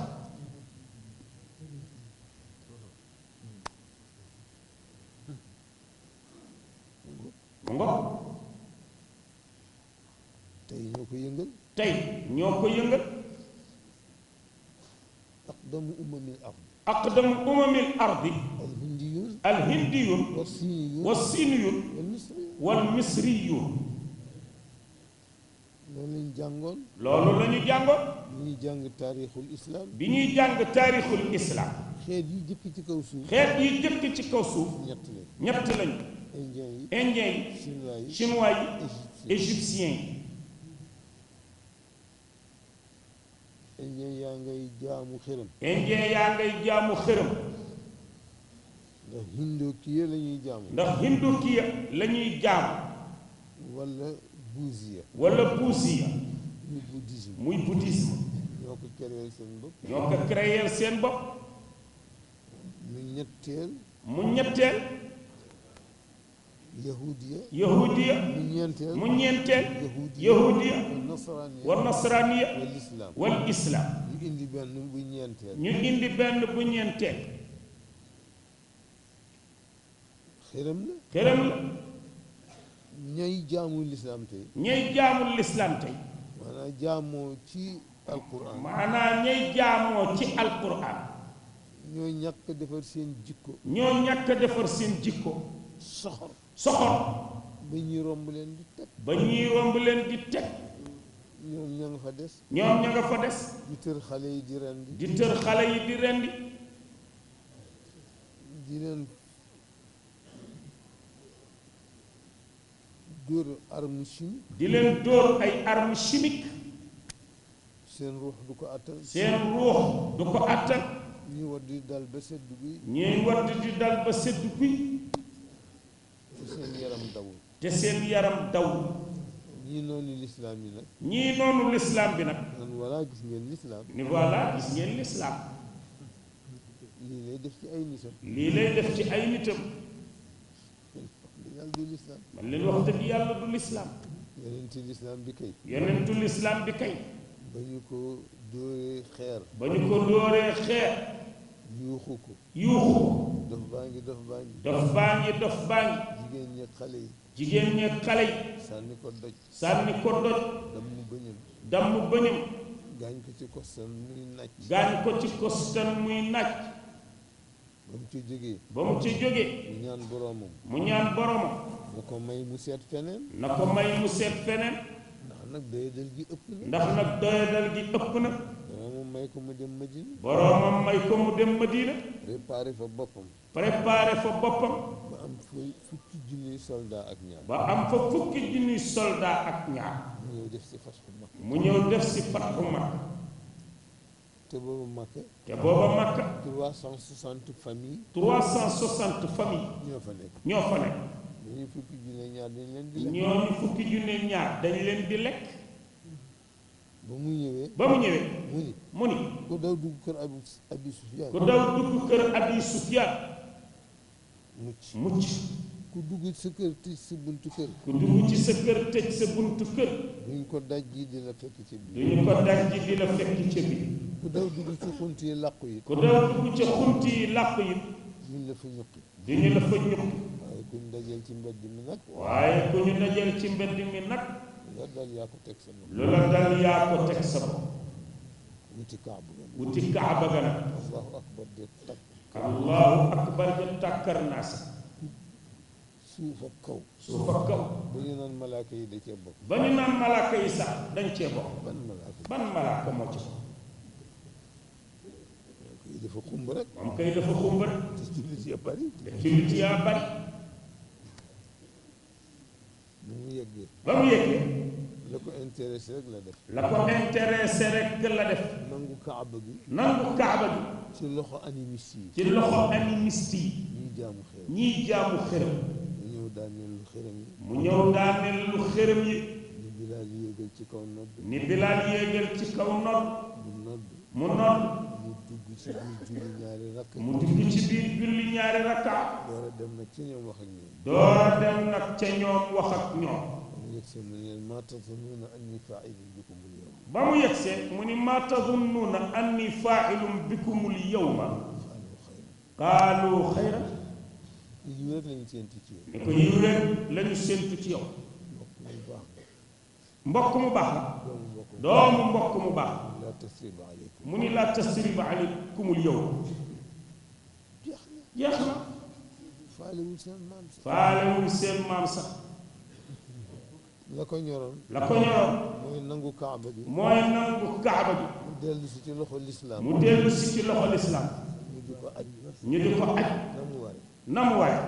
mu ngoog. tey ñoo ko yëngal. tey ñoo ko yëngal. aqdamu umamil ardi. aqdamu umamil ardi. alhindiyun wassiniyun wal misriyun loolu lañu jàngoon bi ñuy jàng taarixul islam bi ñuy jàng taarixul islam xeet yi jëkk ci kaw suuf xeet yi jëkk ci kaw suuf ñett lañu ñett lañu indien yi indien yi chinois yi yi indien yaa ngay jaamu xërëm indien yaa ngay jaamu xërëm ndax hindokiya la ñuy ndax hindokiya la ñuy jaamu. wala buusiya. wala buusiya. muy bouddhisme muy bouddhisme. ñoo ko créer seen bopp. ñoo ko créer seen bopp. mu ñetteel. mu ñetteel. yahudiya. yahudiya. mu ñeenteel mu ñeenteel. yahudiya wa nasraniya wal islam. ñu ñu indi benn bu ñeenteel. xërëm la xërëm la ñay jaamul lislaam tey ñay jaamul lislaam tey maanaam jaamoo ci alquran maanaam ñay jaamoo ci alquran ñoo ñàkk defar seen jikko ñoo ñàkk defar seen jikko soxor soxor ba ñuy romb leen di teg ba ñuy romb leen di teg ñoom ña nga fa des ñoom ña nga fa des di tër xale yi di rendi di tër xale yi di rendi di leen dóor arme chimique. di leen dóor ay arme chimique. seen ruux du ko attan. seen ruux du ko attan. ñuy war di dal ba sedd bi. ñuy war di dal ba sedd bi. te seen yaram dawul. te seen yaram dawul. ñii noonu lislaam bi nag. ñii noonu lislaam bi nag. man voilà gis ngeen lislaam. lii lay def ci ay nitam. lii lay def ci ay nitam. lislaam du lislaam man leen wax dëgg yàlla du lislaam yonentu lislaam bi kay yonentu lislaam bi kay ba ñu ko dóoree xeer ba ko dóoree xeer yuuxu ko yuuxu dof baa ngi dof baa ngi dof baa ngi jigéen ñi xale yi jigéen ñi xale yi sànni ko doj sànni ko doj damm bëñëm damm bëñëm gaañ ko ci kostan muy nàcc gaañ ko ci kostan muy nàcc ba mu ci jógee. ba mu ci jógee. mu ñaan boromam. mu ñaan boromam. na ko may mu seet feneen. na ko may mu seet feneen. ndax nag doyadal gi ëpp na. ndax nag doyadal gi ëpp na. boromam may ko mu dem Madina. boromam may ko mu dem Madina. préparé fa boppam. préparé fa boppam. ba am fa fukki junniy soldat ak ñaar. ba am fa fukki junniy soldat ak ñaar. mu ñëw def si fas bu mu ñëw def si fas te booba Makka. te booba Makka. 360 familles. 360 familles. ñoo fa nekk ñoo fa nekk. ñooñu fukki junne ñaar dañ leen di lekk. ñooñu fukki junne ñaar dañ leen di lekk. ba mu ñëwee. ba mu ñëwee. mu ni mu ni. ku daw dugg kër Abi Abi Sufyaan. ku mucc mucc. ku dugg sa kër tëj sa buntu kër. ku dugg ci sa kër tëj sa buntu kër. duñ ko daj ji di la fekk ci biir. duñ ko daj ji di la fekk ci biir. ku daw dugg ci xunt yi làqu yi. ku daw dugg ci xunt yi làqu yi. duñ la fa ñukki. duñ la fa ñukki. waaye ku ñu dajal ci mbedd mi nag. waaye ku ñu dajal ci mbedd mi nag. lu la dal yaa ko teg sa bopp. lu la dal yaa ko teg sa bopp. wuti kaaba ga. wuti kaaba ga nag. allahu akbar de takk. allahu akbar de takkar naa sa. suuf ak kaw. suuf ak kaw. ba ñu naan malaaka yi da cee bokk. ba ñu naan malaaka yi sax dañ cee bokk. ban malaaka ban malaaka moo ci bokk. malaaka yi dafa xumb rek. moom kay dafa xumb rek. te jullit yaa bari. te jullit yaa bari. ba mu yeggee. ba mu yeggee. la ko intéressé rek la def. la ko intéressé rek la def. nangu kaaba gi. nangu kaaba gi. ci loxo animiste yi. ci loxo animiste yi. ñiy jaamu xeer. ñiy jaamu xeer. daaneel lu xërëm yi mu ñëw daaneel lu xërëm yi ni bilaal yéegal ci kaw nodd ni bilaal yéegal ci kaw nodd mu nodd mu nodd mu dugg ci biir julli ñaari rakka mu dugg ci biir julli ñaari rakka door a dem nag ca ñoom wax ak ñoom door a dem nag ca ñoom wax ak ñoom ba mu yegsee mu ni maa tazunnuuna anni faailum bikumul yawma qaalu xayran yiw rek lañu séentu ci yow. ne ko yiw rek lañu séentu ci yow. mbokk mu baax la. doomu mbokk mu baax. mu ni laa tasriba aleykumul yow. jeex na. faalewul seen maam sax. faalewul seen maam sax. la ko ñoroon. la ko ñoroon. mooy nangu kaaba bi. mooy nangu kaaba bi. mu dellu si ci loxo lislaam. mu dellu si ci loxo lislaam. ñu di ko aj. ñu di ko aj. na mu waree.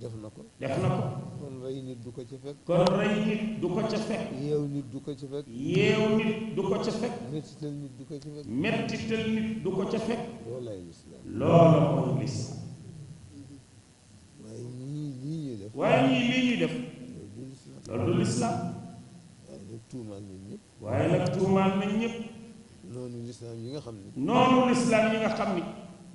def na ko def na ko. kon rey nit du ko ca fekk. kon rey nit du ko ca fekk. yeew nit du ko ca fekk. yeew du ko ca fekk. mettital nit du ko ca fekk. mettital nit ko ca fekk. loolay lislaam. loolu mooy lislaam. waaye waaye ñii lislaam. waaye nag tuumaal nañ ñëpp. waaye nag tuumaal nañ ñëpp. yi nga xam ni. noonu lislaam yi nga xam ni.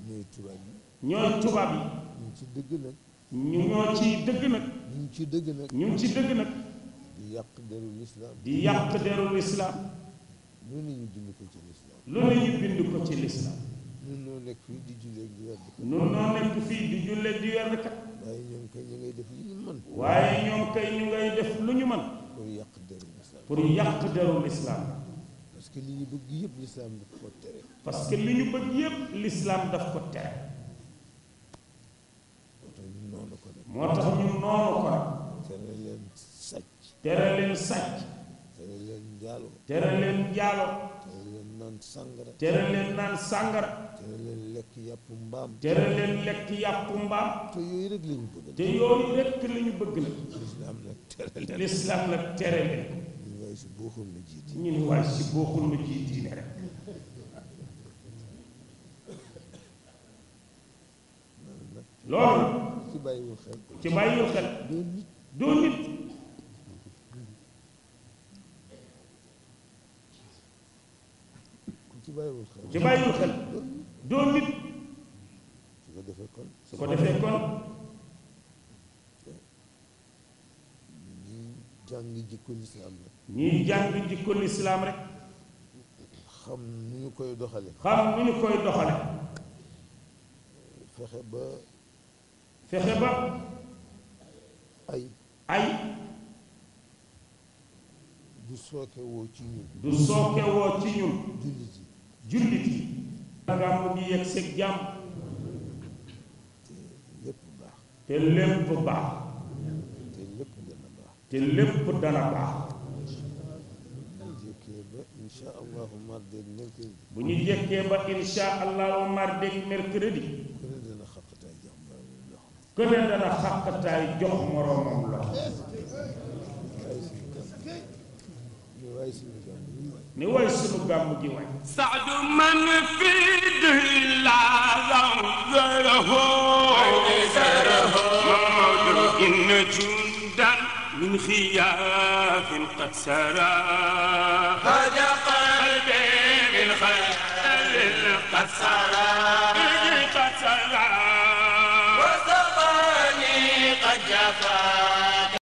ñooy tubaab yi. ñooy tubaab yi. ñu ngi ci dëgg nag. ñu ñoo ci dëgg nag. ñu ngi ci dëgg nag. ñu ngi ci dëgg nag. di yàq deru lislaam. di yàq deru lislaam. lu ne ñu bind ci lislaam. lu ñu bind ci lislaam. ñun ñoo nekk fii di jullee di werd kat. ñun di jullee di werd waaye ñoom kay ñu ngay def lu ñu mën. waaye pour yàq deru lislaam. pour yàq deru lislaam. parce que li ñu yëpp lislaam parce que li ñu bëgg yëpp lislaam daf ko tere. moo tax ñu noonu ko nag. tere leen sàcc. tere leen sàcc. tere leen njaalo. tere leen njaalo. tere leen naan sàngara. tere leen naan sàngara. tere leen lekk yàpp mbaam. tere leen lekk yàpp mbaam. te yooyu rek la bëgg. te yooyu rek la ñu lislaam nag tere leen. lislaam nag tere leen. loolu. ci bàyyiwul xel ci bàyyiwul xel doo nit ci bàyyiwul xel ci bàyyiwul xel doo nit su ko defee kon su ko defee kon ñuy jàng jikko lislaam rek ñuy jàng jikko lislaam rek xam nu ñu koy doxale xam nu ñu koy doxale fexe ba fexe ba ay ay du sooke woo ci ñun du sooke woo ci ñun jullit yi jullit yi dangaa mu ngi yegg seeg jàmm te lépp baax te lépp baax te lépp dana baax te lépp dana baax bu ñu jekkee ba insha allahu mardi mercredi ku ne dana xàqtaay jox moroomam loxo ni way sunu man fi dilaalam zaraho zaraho mamadu inna jundan min xiyaafin qad sara Mustafa